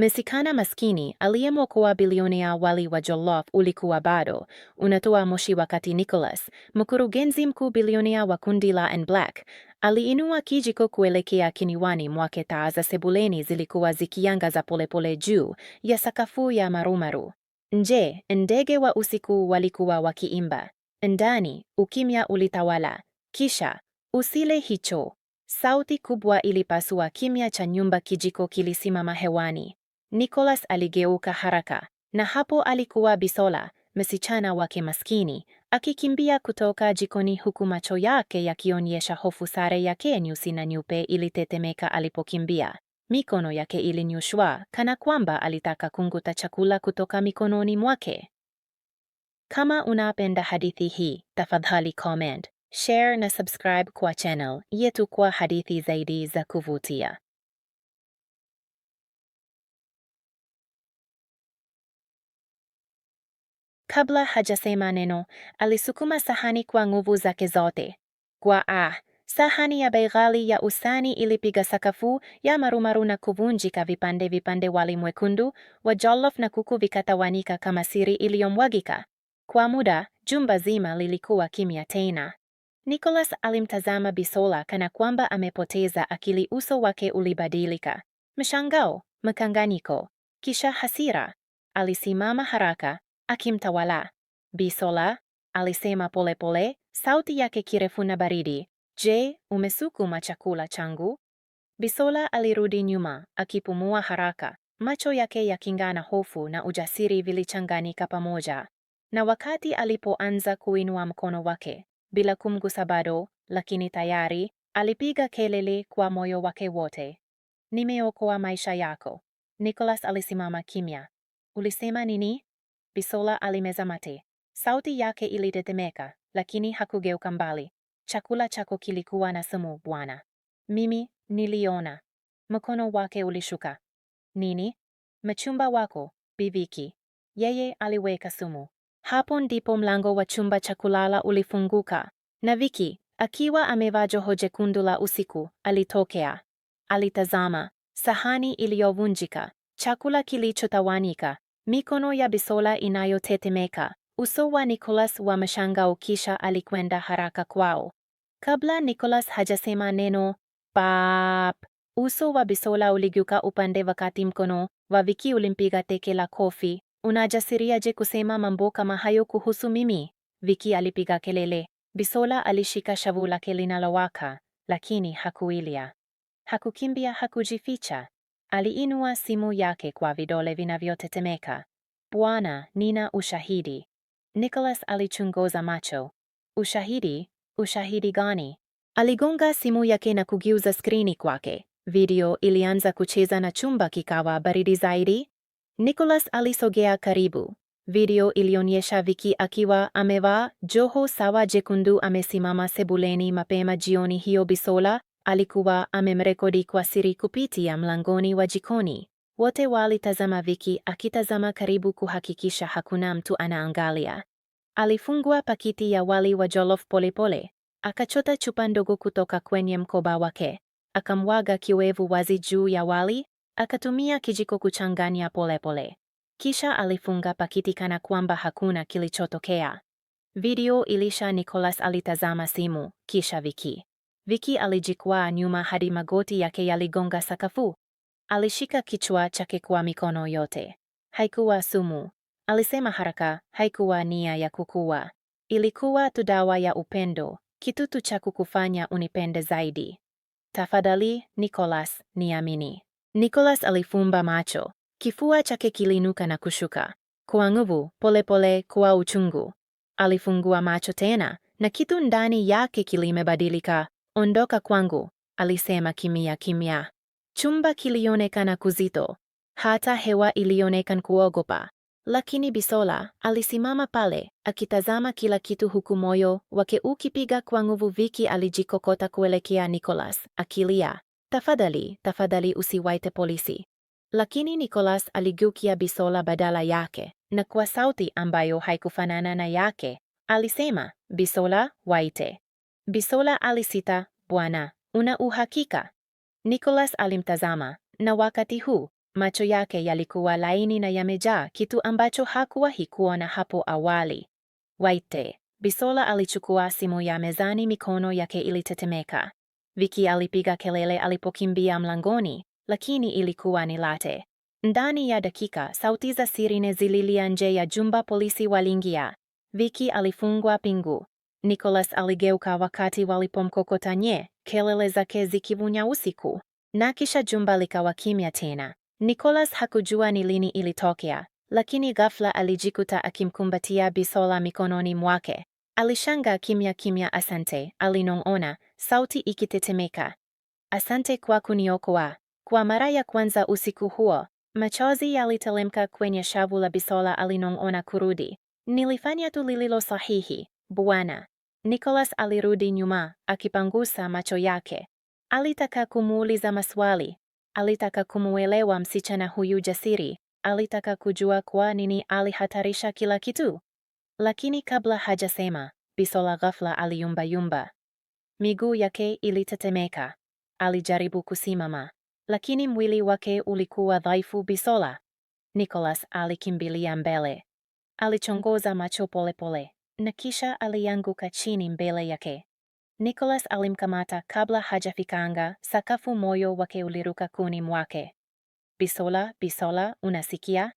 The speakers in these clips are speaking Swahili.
Mexicana maskini aliyemwokoa bilionea wali wa jollof ulikuwa bado unatoa moshi wakati Nicholas, mkurugenzi mkuu bilionea wa kundi la N Black, aliinua kijiko kuelekea kinywani mwake. Taa za sebuleni zilikuwa zikiangaza polepole juu ya sakafu ya marumaru. Nje ndege wa usiku walikuwa wakiimba. Ndani ukimya ulitawala. Kisha usile hicho Sauti kubwa ilipasua kimya cha nyumba. Kijiko kilisimama hewani. Nicholas aligeuka haraka, na hapo alikuwa Bisola, msichana wake maskini, akikimbia kutoka jikoni huku macho yake yakionyesha hofu. Sare yake nyusi na nyupe ilitetemeka alipokimbia. Mikono yake ilinyushwa kana kwamba alitaka kunguta chakula kutoka mikononi mwake. Kama unapenda hadithi hii, tafadhali comment, share na subscribe kwa channel yetu kwa hadithi zaidi za kuvutia. Kabla hajasema neno, alisukuma sahani kwa nguvu zake zote. Kwa a, sahani ya bei ghali ya usani ilipiga sakafu ya marumaru na kuvunjika vipande vipande. Wali mwekundu wa jollof na kuku vikatawanika kama siri iliyomwagika. Kwa muda jumba zima lilikuwa kimya tena. Nicholas alimtazama Bisola kana kwamba amepoteza akili. Uso wake ulibadilika, mshangao, mkanganyiko, kisha hasira. Alisimama haraka, akimtawala. Bisola alisema polepole, sauti yake kirefu na baridi. Je, umesukuma chakula changu? Bisola alirudi nyuma, akipumua haraka, macho yake yaking'aa hofu na ujasiri vilichanganyika pamoja. Na wakati alipoanza kuinua mkono wake, bila kumgusa bado, lakini tayari alipiga kelele kwa moyo wake wote, nimeokoa maisha yako. Nicholas alisimama kimya. Ulisema nini? Bisola alimeza mate. Sauti yake ilitetemeka, lakini hakugeuka mbali. Chakula chako kilikuwa na sumu, bwana. Mimi niliona. Mkono wake ulishuka. Nini? Mchumba wako, Biviki. Yeye aliweka sumu. Hapo ndipo mlango wa chumba cha kulala ulifunguka na Viki akiwa amevaa joho jekundu la usiku alitokea. Alitazama sahani iliyovunjika, chakula kilichotawanyika mikono ya Bisola inayotetemeka, uso wa Nicholas wa mshangao, kisha alikwenda haraka kwao. Kabla Nicholas hajasema neno pap, uso wa Bisola uligeuka upande, wakati mkono wa Viki ulimpiga teke la kofi. Unajasiriaje kusema mambo kama hayo kuhusu mimi? Viki alipiga kelele. Bisola alishika shavu lake linalowaka, lakini hakuilia, hakukimbia, hakujificha. Aliinua simu yake kwa vidole vinavyotetemeka. Bwana, nina ushahidi. Nicholas alichunguza macho. Ushahidi? Ushahidi gani? Aligonga simu yake na kugeuza skrini kwake. Video ilianza kucheza na chumba kikawa baridi zaidi. Nicholas alisogea karibu. Video ilionyesha Viki akiwa amevaa joho sawa jekundu amesimama sebuleni mapema jioni hiyo Bisola, Alikuwa amemrekodi kwa siri kupitia mlangoni wa jikoni. Wote walitazama Viki akitazama karibu kuhakikisha hakuna mtu anaangalia. Alifungua pakiti ya wali wa jolof polepole, akachota chupa ndogo kutoka kwenye mkoba wake, akamwaga kiwevu wazi juu ya wali, akatumia kijiko kuchanganya polepole. Kisha alifunga pakiti kana kwamba hakuna kilichotokea. Video ilisha. Nicholas alitazama simu, kisha Viki. Viki alijikwaa nyuma hadi magoti yake yaligonga sakafu. Alishika kichwa chake kwa mikono yote. Haikuwa sumu, alisema haraka. Haikuwa nia ya kukua, ilikuwa tu dawa ya upendo, kitu tu cha kukufanya unipende zaidi. Tafadhali Nicholas, niamini. Nicholas alifumba macho, kifua chake kilinuka na kushuka kwa nguvu, polepole, kwa uchungu. Alifungua macho tena na kitu ndani yake kilimebadilika, Ondoka kwangu, alisema kimya kimya. Chumba kilionekana kuzito, hata hewa ilionekana kuogopa. Lakini Bisola alisimama pale akitazama kila kitu, huku moyo wake ukipiga kwa nguvu. Viki alijikokota kuelekea Nicholas akilia, tafadhali, tafadhali usiwaite polisi. Lakini Nicholas aligukia Bisola badala yake, na kwa sauti ambayo haikufanana na yake alisema, Bisola, waite Bisola alisita. Bwana, una uhakika? Nicholas alimtazama, na wakati huu macho yake yalikuwa laini na yamejaa kitu ambacho hakuwahi kuona hapo awali. Waite. Bisola alichukua simu ya mezani, mikono yake ilitetemeka. Viki alipiga kelele alipokimbia mlangoni, lakini ilikuwa ni late. Ndani ya dakika sauti za sirine zililia nje ya jumba. Polisi waliingia. Viki alifungwa pingu, Nicholas aligeuka wakati walipomkokota nye, kelele zake zikivunya usiku, na kisha jumba likawa kimya tena. Nicholas hakujua ni lini ilitokea, lakini ghafla alijikuta akimkumbatia Bisola mikononi mwake. alishanga kimya kimya. Asante, alinong'ona, sauti ikitetemeka. Asante kwa kuniokoa. Kwa mara ya kwanza usiku huo, machozi yalitelemka kwenye shavu la Bisola. Alinong'ona kurudi, nilifanya tu lililo sahihi. Bwana. Nicholas alirudi nyuma, akipangusa macho yake. Alitaka kumuuliza maswali, alitaka kumuelewa msichana huyu jasiri, alitaka kujua kwa nini alihatarisha kila kitu. Lakini kabla hajasema, Bisola ghafla aliyumbayumba. Miguu yake ilitetemeka. Alijaribu kusimama, lakini mwili wake ulikuwa dhaifu. Bisola. Nicholas alikimbilia mbele, alichongoza macho polepole pole na kisha alianguka chini mbele yake. Nicholas alimkamata kabla hajafikanga sakafu, moyo wake uliruka kuni mwake. Bisola, Bisola, unasikia?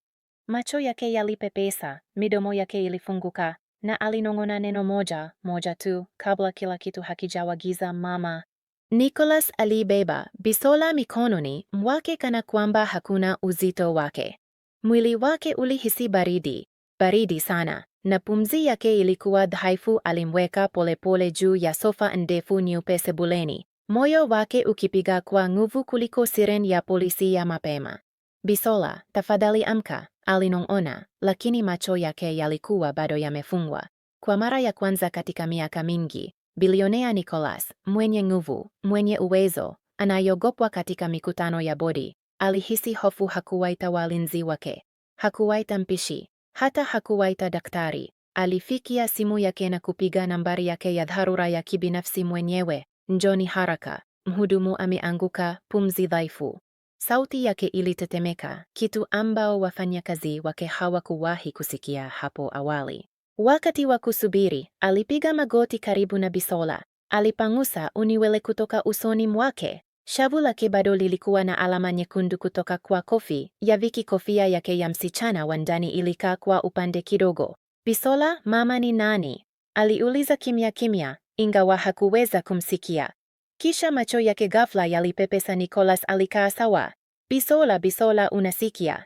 Macho yake yalipepesa, midomo yake ilifunguka na alinong'ona neno moja moja tu kabla kila kitu hakijawa giza. Mama Nicholas alibeba Bisola mikononi mwake kana kwamba hakuna uzito wake. Mwili wake ulihisi baridi, baridi sana na pumzi yake ilikuwa dhaifu. Alimweka polepole juu ya sofa ndefu nyeupe sebuleni, moyo wake ukipiga kwa nguvu kuliko siren ya polisi ya mapema. Bisola, tafadhali amka, alinong'ona, lakini macho yake yalikuwa bado yamefungwa. Kwa mara ya kwanza katika miaka mingi, bilionea nicolas mwenye nguvu, mwenye uwezo, anayogopwa katika mikutano ya bodi. Alihisi hofu. Hakuwaita walinzi wake, hakuwaita mpishi, hata hakuwaita daktari, alifikia simu yake na kupiga nambari yake ya dharura ya kibinafsi mwenyewe. Njoni haraka, mhudumu ameanguka, pumzi dhaifu. Sauti yake ilitetemeka, kitu ambao wafanyakazi wake hawakuwahi kusikia hapo awali. Wakati wa kusubiri, alipiga magoti karibu na Bisola. Alipangusa uniwele kutoka usoni mwake, Shavu lake bado lilikuwa na alama nyekundu kutoka kwa kofi ya Viki. Kofia yake ya msichana wa ndani ilikaa kwa upande kidogo. Bisola, mama ni nani? aliuliza kimya kimya, ingawa hakuweza kumsikia. Kisha macho yake ghafla yalipepesa. Nicholas alikaa sawa. Bisola, Bisola, unasikia?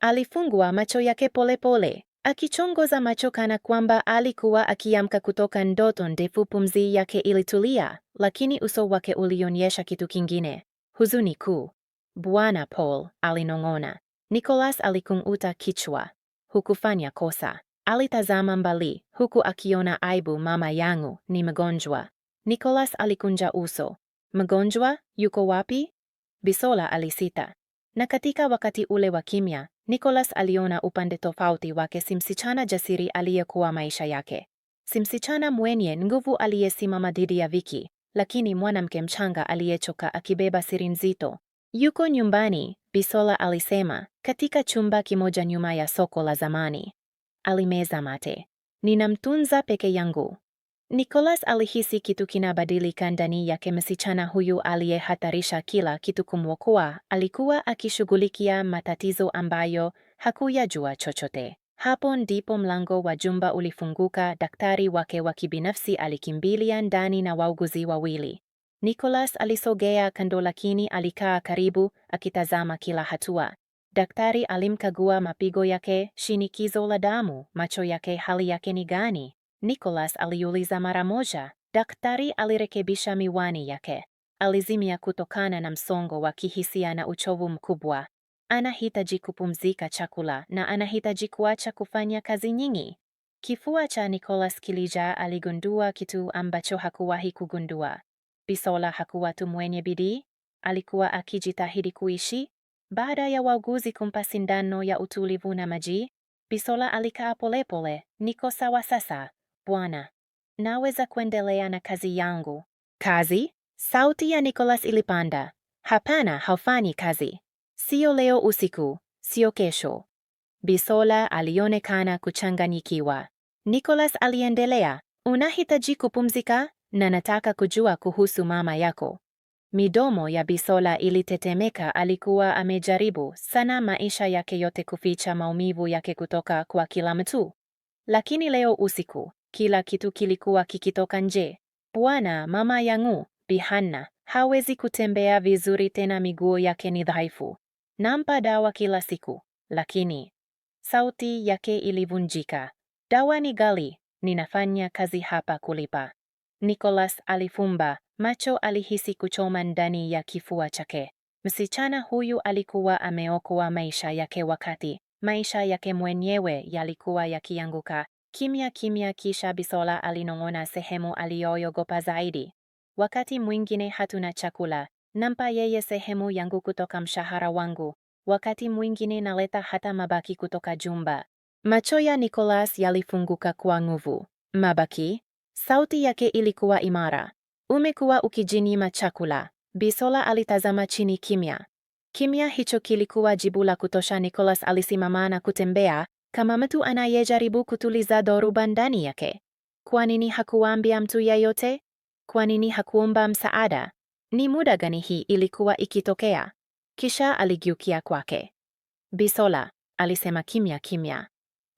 Alifungua macho yake polepole pole akichongoza macho kana kwamba alikuwa akiamka kutoka ndoto ndefu. Pumzi yake ilitulia, lakini uso wake ulionyesha kitu kingine, huzuni kuu. Bwana Paul, alinong'ona. Nicholas alikung'uta kichwa. Hukufanya kosa. Alitazama mbali huku akiona aibu. Mama yangu ni mgonjwa. Nicholas alikunja uso. Mgonjwa? Yuko wapi? Bisola alisita. Na katika wakati ule wa kimya, Nicholas aliona upande tofauti wake, si msichana jasiri aliyekuwa maisha yake, si msichana mwenye nguvu aliyesimama dhidi ya Viki, lakini mwanamke mchanga aliyechoka akibeba siri nzito. Yuko nyumbani, Bisola alisema, katika chumba kimoja nyuma ya soko la zamani. Alimeza mate. Ninamtunza peke yangu, Nicholas alihisi kitu kinabadilika ndani yake. Msichana huyu aliyehatarisha kila kitu kumwokoa alikuwa akishughulikia matatizo ambayo hakuyajua chochote. Hapo ndipo mlango wa jumba ulifunguka. Daktari wake wa kibinafsi alikimbilia ndani na wauguzi wawili. Nicholas alisogea kando, lakini alikaa karibu akitazama kila hatua. Daktari alimkagua mapigo yake, shinikizo la damu, macho yake, hali yake ni gani? Nicholas aliuliza mara moja. Daktari alirekebisha miwani yake. Alizimia kutokana na msongo wa kihisia na uchovu mkubwa. Anahitaji kupumzika chakula na anahitaji kuacha kufanya kazi nyingi. Kifua cha Nicholas kilijaa. Aligundua kitu ambacho hakuwahi kugundua. Bisola hakuwa tu mwenye bidii, alikuwa akijitahidi kuishi. Baada ya wauguzi kumpa sindano ya utulivu na maji, Bisola alikaa polepole. Niko sawa sasa, Bwana, naweza kuendelea na kazi yangu. Kazi? Sauti ya nicolas ilipanda. Hapana, haufanyi kazi. Sio leo usiku, sio kesho. Bisola alionekana kuchanganyikiwa. nicolas aliendelea, unahitaji kupumzika na nataka kujua kuhusu mama yako. Midomo ya Bisola ilitetemeka. Alikuwa amejaribu sana maisha yake yote kuficha maumivu yake kutoka kwa kila mtu, lakini leo usiku kila kitu kilikuwa kikitoka nje. Bwana, mama yangu, Bi Hanna hawezi kutembea vizuri tena, miguu yake ni dhaifu. Nampa dawa kila siku, lakini sauti yake ilivunjika. Dawa ni ghali, ninafanya kazi hapa kulipa. Nicholas alifumba macho, alihisi kuchoma ndani ya kifua chake. Msichana huyu alikuwa ameokoa maisha yake wakati maisha yake mwenyewe yalikuwa yakianguka. Kimya kimya, kisha Bisola alinong'ona sehemu aliyoyogopa zaidi. Wakati mwingine hatuna chakula, nampa yeye sehemu yangu kutoka mshahara wangu. Wakati mwingine naleta hata mabaki kutoka jumba. Macho ya Nicholas yalifunguka kwa nguvu. Mabaki? Sauti yake ilikuwa imara. Umekuwa ukijinyima chakula. Bisola alitazama chini kimya. Kimya hicho kilikuwa jibu la kutosha. Nicholas alisimama na kutembea, kama mtu anayejaribu kutuliza dhoruba ndani yake. Kwa nini hakuambia mtu yeyote? Kwa nini hakuomba msaada? Ni muda gani hii ilikuwa ikitokea? Kisha aligeukia kwake. Bisola, alisema kimya kimya,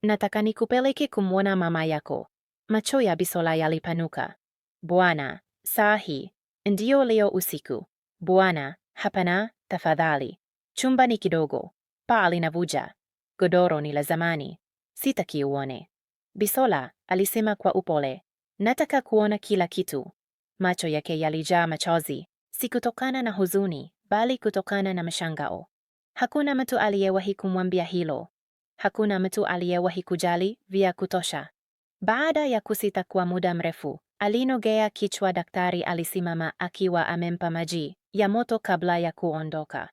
nataka nikupeleke kumwona mama yako. Macho ya Bisola yalipanuka. Bwana, saa hii? Ndiyo, leo usiku. Bwana, hapana, tafadhali. Chumba ni kidogo, paa linavuja. Godoro ni la zamani, sitakiuone. Bisola alisema kwa upole, nataka kuona kila kitu. Macho yake yalijaa machozi, si kutokana na huzuni, bali kutokana na mshangao. Hakuna mtu aliyewahi kumwambia hilo. Hakuna mtu aliyewahi kujali vya kutosha. Baada ya kusita kwa muda mrefu, alinogea kichwa. Daktari alisimama akiwa amempa maji ya moto kabla ya kuondoka.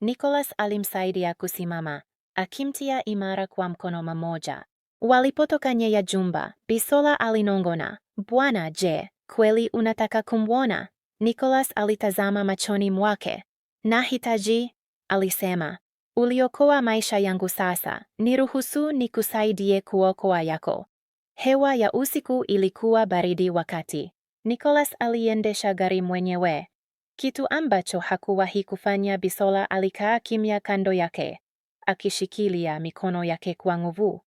Nicholas alimsaidia kusimama, akimtia imara kwa mkono mmoja. Walipotoka nje ya jumba, Bisola alinongona, Bwana, je, kweli unataka kumwona? Nicholas alitazama machoni mwake. Nahitaji, alisema. Uliokoa maisha yangu sasa, niruhusu nikusaidie kuokoa yako. Hewa ya usiku ilikuwa baridi wakati Nicholas aliendesha gari mwenyewe, kitu ambacho hakuwahi kufanya. Bisola alikaa kimya kando yake, akishikilia mikono yake kwa nguvu.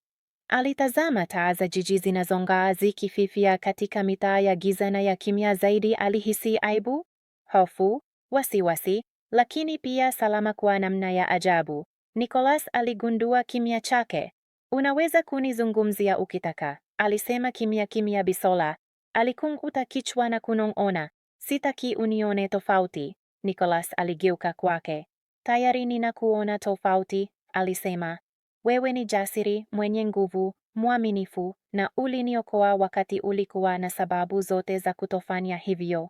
Alitazama taa za jiji zinazong'aa zikififia katika mitaa ya giza na ya kimya zaidi. Alihisi aibu, hofu, wasiwasi, lakini pia salama kwa namna ya ajabu. Nicholas aligundua kimya chake. Unaweza kunizungumzia ukitaka, alisema kimya kimya. Bisola alikunguta kichwa na kunong'ona, sitaki unione tofauti. Nicholas aligeuka kwake. Tayari ninakuona tofauti, alisema, wewe ni jasiri, mwenye nguvu, mwaminifu na uliniokoa wakati ulikuwa na sababu zote za kutofanya hivyo.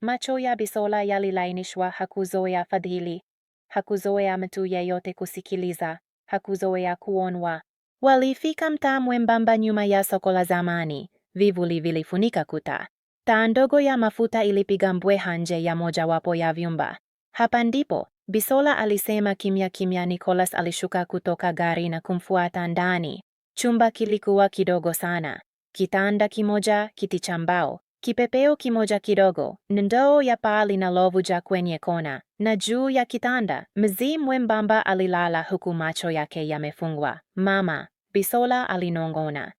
Macho ya Bisola yalilainishwa. Hakuzoea fadhili, hakuzoea mtu yeyote kusikiliza, hakuzoea kuonwa. Walifika mtaa mwembamba nyuma ya soko la zamani. Vivuli vilifunika kuta. Taa ndogo ya mafuta ilipiga mbweha nje ya mojawapo ya vyumba. Hapa ndipo Bisola alisema kimya kimya. Nicholas alishuka kutoka gari na kumfuata ndani. Chumba kilikuwa kidogo sana, kitanda kimoja, kiti cha mbao, kipepeo kimoja kidogo, ndoo ya paa linalovuja kwenye kona, na juu ya kitanda mzee mwembamba alilala huku macho yake yamefungwa. Mama, Bisola alinong'ona.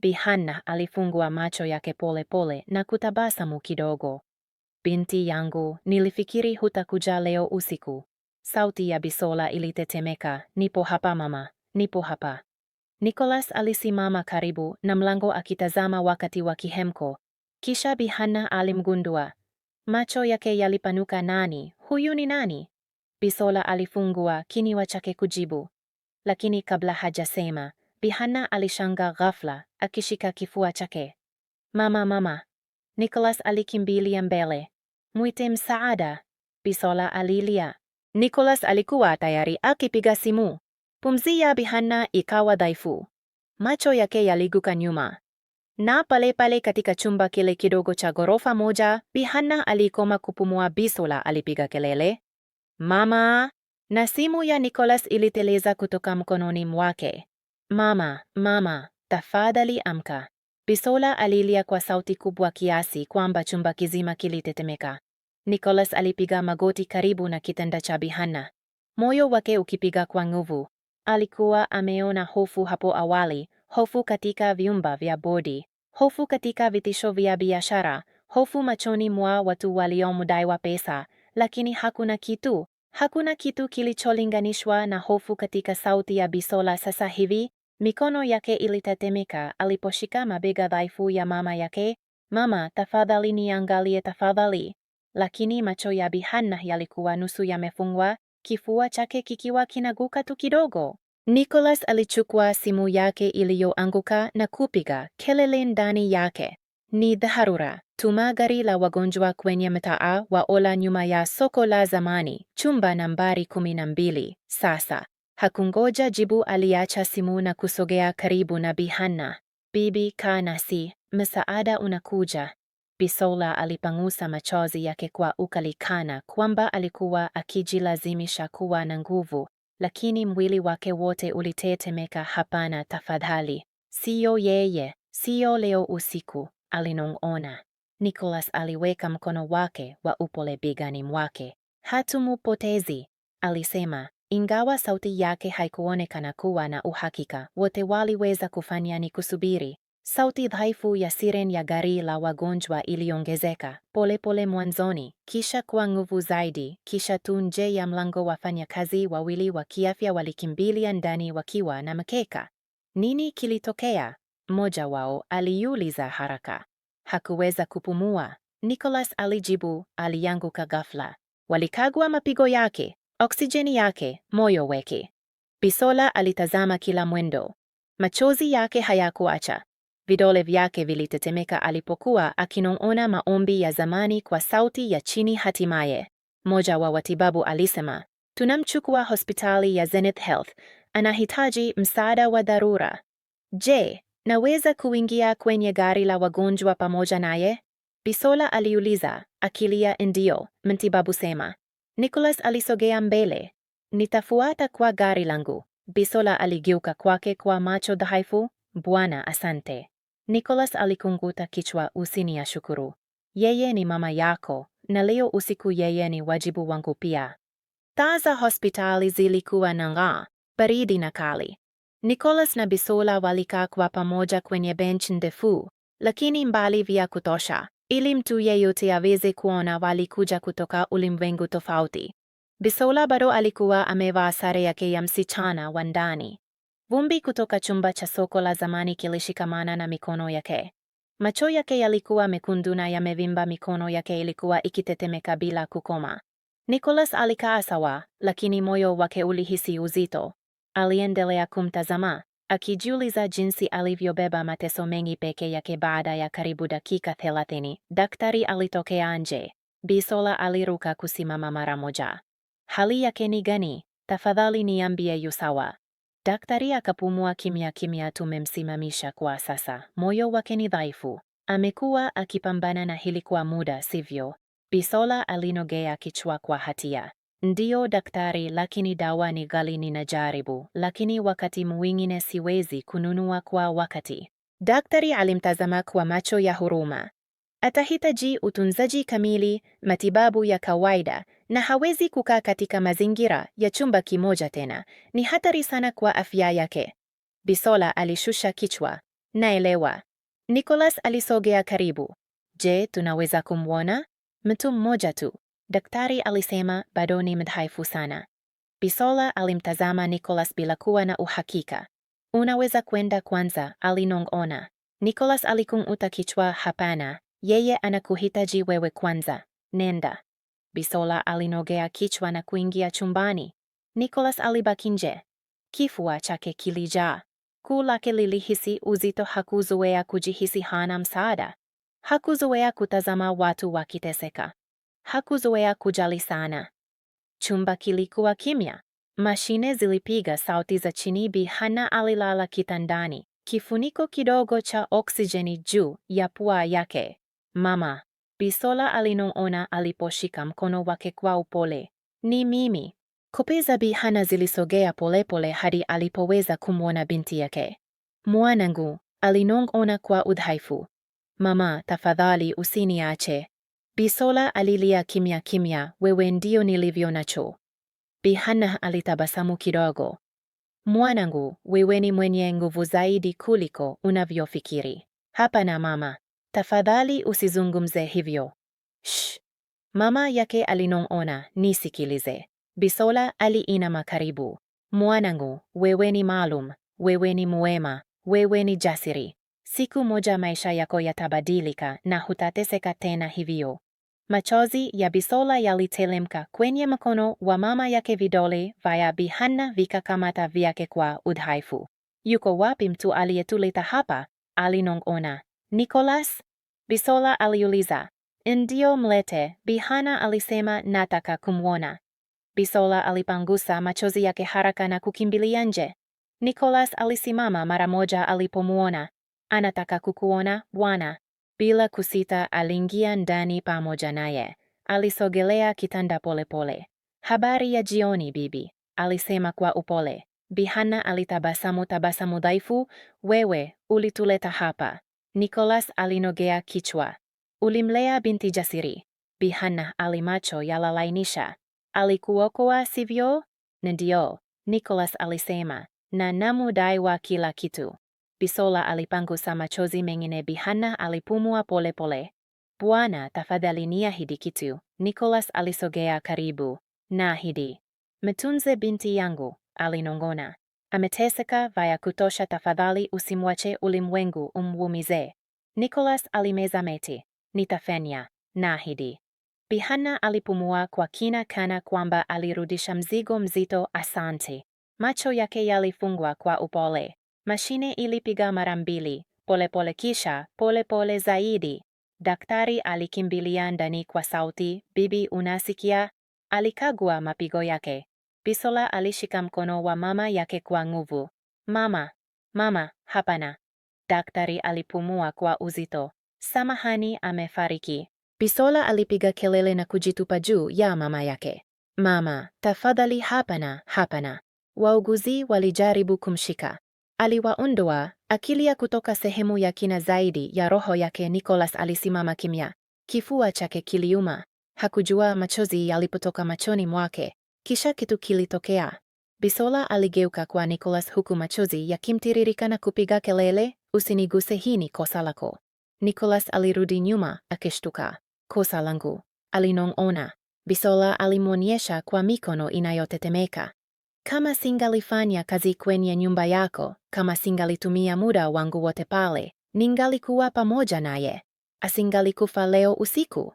bihanna alifungua macho yake polepole pole na kutabasamu kidogo. Binti yangu, nilifikiri hutakuja leo usiku. Sauti ya Bisola ilitetemeka. Nipo hapa mama, nipo hapa. Nicholas alisimama karibu na mlango akitazama wakati wa kihemko. Kisha Bi Hanna alimgundua. Macho yake yalipanuka. Nani huyu? Ni nani? Bisola alifungua kinywa chake kujibu, lakini kabla hajasema, Bi Hanna ghafla, akishika kifua chake. Mama, mama! Nicholas alikimbilia mbele, mwite msaada, Bisola alilia. Nicholas alikuwa tayari akipiga simu. Pumzi ya bihanna ikawa dhaifu, macho yake yaliguka nyuma, na pale pale katika chumba kile kidogo cha ghorofa moja, bihanna alikoma kupumua. Bisola alipiga kelele, mama, na simu ya Nicholas iliteleza kutoka mkononi mwake. Mama, mama, tafadhali amka, Bisola alilia kwa sauti kubwa kiasi kwamba chumba kizima kilitetemeka. Nicholas alipiga magoti karibu na kitanda cha Bihana, moyo wake ukipiga kwa nguvu. Alikuwa ameona hofu hapo awali, hofu katika vyumba vya bodi, hofu katika vitisho vya biashara, hofu machoni mwa watu waliomdaiwa pesa, lakini hakuna kitu, hakuna kitu kilicholinganishwa na hofu katika sauti ya Bisola sasa hivi. Mikono yake ilitetemeka aliposhika mabega dhaifu ya mama yake. Mama, tafadhali niangalie, tafadhali lakini macho ya Bi Hanna yalikuwa nusu yamefungwa, kifua chake kikiwa kinaguka tu kidogo. Nicholas alichukua simu yake iliyoanguka na kupiga kelele ndani yake. Ni dharura, tuma gari la wagonjwa kwenye mtaa wa Ola nyuma ya soko la zamani, chumba nambari kumi na mbili. Sasa hakungoja jibu, aliacha simu na kusogea karibu na Bi Hanna. Bibi, kaa nasi, msaada unakuja. Bisola alipangusa machozi yake kwa ukalikana kwamba alikuwa akijilazimisha kuwa na nguvu, lakini mwili wake wote ulitetemeka. Hapana tafadhali, siyo yeye, siyo leo usiku, alinong'ona. Nicholas aliweka mkono wake wa upole begani mwake. Hatumupotezi, alisema, ingawa sauti yake haikuonekana kuwa na uhakika. Wote waliweza kufanya ni kusubiri, Sauti dhaifu ya siren ya gari la wagonjwa iliongezeka polepole mwanzoni, kisha kwa nguvu zaidi. Kisha tu nje ya mlango, wafanyakazi wawili wa kiafya walikimbilia ndani wakiwa na mkeka. Nini kilitokea? Mmoja wao aliuliza haraka. Hakuweza kupumua, Nicholas alijibu. Alianguka ghafla. Walikagua mapigo yake, oksijeni yake, moyo wake. Bisola alitazama kila mwendo, machozi yake hayakuacha vidole vyake vilitetemeka alipokuwa akinong'ona maombi ya zamani kwa sauti ya chini. Hatimaye mmoja wa watibabu alisema, tunamchukua hospitali ya Zenith Health, anahitaji msaada wa dharura. Je, naweza kuingia kwenye gari la wagonjwa pamoja naye? Bisola aliuliza, akilia. Ndio, mtibabu sema. Nicholas alisogea mbele. Nitafuata kwa gari langu. Bisola aligeuka kwake kwa macho dhaifu. Bwana, asante. Nicholas alikunguta kichwa usini ya shukuru. Yeye ni mama yako, na leo usiku yeye ni wajibu wangu pia. Taa za hospitali zilikuwa nang'aa, baridi na kali. Nicholas na Bisola walikaa kwa pamoja kwenye benchi ndefu, lakini mbali vya kutosha, ili mtu yeyote aweze kuona walikuja kutoka ulimwengu tofauti. Bisola bado alikuwa amevaa sare yake ya msichana wa ndani, Vumbi kutoka chumba cha soko la zamani kilishikamana na mikono yake. Macho yake yalikuwa mekundu na yamevimba, mikono yake ilikuwa ikitetemeka bila kukoma. Nicholas alikaa sawa, lakini moyo wake ulihisi uzito. Aliendelea kumtazama akijiuliza jinsi alivyobeba mateso mengi peke yake. Baada ya karibu dakika thelathini, daktari alitokea nje. Bisola aliruka kusimama mara moja. hali yake ni gani? Tafadhali niambie, yu sawa? Daktari akapumua kimya kimya. Tumemsimamisha kwa sasa, moyo wake ni dhaifu, amekuwa akipambana na hili kwa muda, sivyo? Bisola alinogea kichwa kwa hatia. Ndiyo daktari, lakini dawa ni ghali. Ninajaribu, lakini wakati mwingine siwezi kununua kwa wakati. Daktari alimtazama kwa macho ya huruma. Atahitaji utunzaji kamili, matibabu ya kawaida na hawezi kukaa katika mazingira ya chumba kimoja tena. Ni hatari sana kwa afya yake. Bisola alishusha kichwa. Naelewa. Nicholas alisogea karibu. Je, tunaweza kumwona? Mtu mmoja tu, daktari alisema. Bado ni mdhaifu sana. Bisola alimtazama Nicholas bila kuwa na uhakika. Unaweza kwenda kwanza, alinong'ona. Nicholas alikung'uta kichwa. Hapana, yeye anakuhitaji wewe kwanza. Nenda. Bisola alinogea kichwa na kuingia chumbani. Nicholas alibaki nje, kifua chake kilijaa. Kuu lake lilihisi uzito. Hakuzoea kujihisi hana msaada, hakuzoea kutazama watu wakiteseka, hakuzoea kujali sana. Chumba kilikuwa kimya. Mashine zilipiga sauti za chini. Bi Hana alilala kitandani, kifuniko kidogo cha oksijeni juu ya pua yake. Mama, Bisola ona aliposhika mkono wake kwa upole. Ni mimi. Kope za Hana zilisogea polepole hadi alipoweza kumwona binti yake. Mwanangu, ona kwa udhaifu. Mama, tafadhali usiniache. Bisola alilia kimya kimya, wewe ndio nilivyo nacho. Hana alitabasamu kidogo. Mwanangu, wewe ni mwenye nguvu zaidi kuliko unavyofikiri. Hapana mama, Tafadhali usizungumze hivyo. Shh. Mama yake alinong'ona, nisikilize. Bisola aliinama karibu. Mwanangu, wewe ni maalum, wewe ni mwema, wewe ni jasiri. Siku moja maisha yako yatabadilika na hutateseka tena hivyo. Machozi ya Bisola yalitelemka kwenye mkono wa mama yake, vidole vya Bi Hanna vikakamata vyake kwa udhaifu. Yuko wapi mtu aliyetuleta hapa? Alinong'ona. Nicholas, Bisola aliuliza. ndio mlete, Bihana alisema nataka kumwona. Bisola alipangusa machozi yake haraka na kukimbilia nje. Nicholas alisimama mara moja alipomwona. Anataka kukuona bwana. Bila kusita aliingia ndani pamoja naye. Alisogelea kitanda polepole pole. Habari ya jioni bibi, alisema kwa upole. Bihana alitabasamu tabasamu dhaifu. Wewe ulituleta hapa. Nicolas alinogea kichwa. Ulimlea binti jasiri, Bi Hana alimacho yalalainisha. Alikuokoa sivyo? Ndio, Nicolas alisema, na namudai wa kila kitu. Bisola alipangusa machozi mengine. Bi Hana pole-pole Bwana, tafadhali niahidi kitu. Nicolas alisogea karibu. Naahidi. Mtunze binti yangu, alinong'ona ameteseka vaya kutosha, tafadhali usimwache ulimwengu umwumize. Nicholas alimeza meti. Nitafenya, naahidi. Bi Hanna alipumua kwa kina kana kwamba alirudisha mzigo mzito. Asante. Macho yake yalifungwa kwa upole. Mashine ilipiga mara mbili, polepole, kisha polepole zaidi. Daktari alikimbilia ndani kwa sauti, bibi, unasikia? Alikagua mapigo yake. Bisola alishika mkono wa mama yake kwa nguvu. Mama, mama, hapana. Daktari alipumua kwa uzito. Samahani, amefariki. Bisola alipiga kelele na kujitupa juu ya mama yake. Mama, tafadhali, hapana, hapana. Wauguzi walijaribu kumshika. Aliwaondoa, akilia kutoka sehemu ya kina zaidi ya roho yake. Nicholas alisimama kimya, kifua chake kiliuma. Hakujua machozi yalipotoka machoni mwake. Kisha kitu kilitokea. Bisola aligeuka kwa Nicholas huku machozi yakimtiririka na kupiga kelele, usiniguse, hii ni kosa lako. Nicholas alirudi nyuma akishtuka. Kosa langu, alinong'ona. Bisola alimwonyesha kwa mikono inayotetemeka. Kama singalifanya kazi kwenye nyumba yako, kama singalitumia muda wangu wote pale, ningalikuwa pamoja naye. Asingalikufa leo usiku.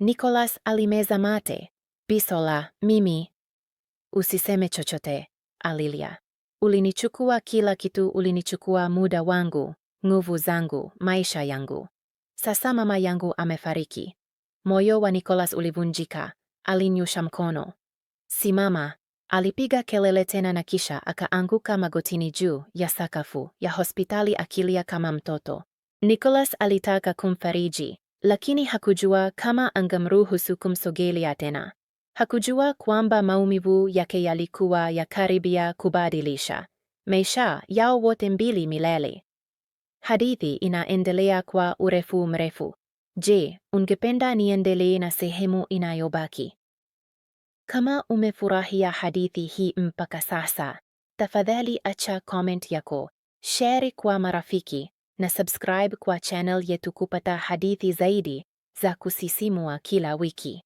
Nicholas alimeza mate. Bisola, mimi Usiseme chochote, alilia. Ulinichukua kila kitu, ulinichukua muda wangu, nguvu zangu, maisha yangu. Sasa mama yangu amefariki. Moyo wa Nicholas ulivunjika. Alinyusha mkono. Simama, alipiga kelele tena na kisha akaanguka magotini juu ya sakafu ya hospitali akilia kama mtoto. Nicholas alitaka kumfariji, lakini hakujua kama angemruhusu kumsogelea tena. Hakujua kwamba maumivu yake yalikuwa ya karibia kubadilisha maisha yao wote mbili milele. Hadithi inaendelea kwa urefu mrefu. Je, ungependa niendelee na sehemu inayobaki? Kama umefurahia hadithi hii mpaka sasa, tafadhali acha comment yako, share kwa marafiki na subscribe kwa channel yetu kupata hadithi zaidi za kusisimua kila wiki.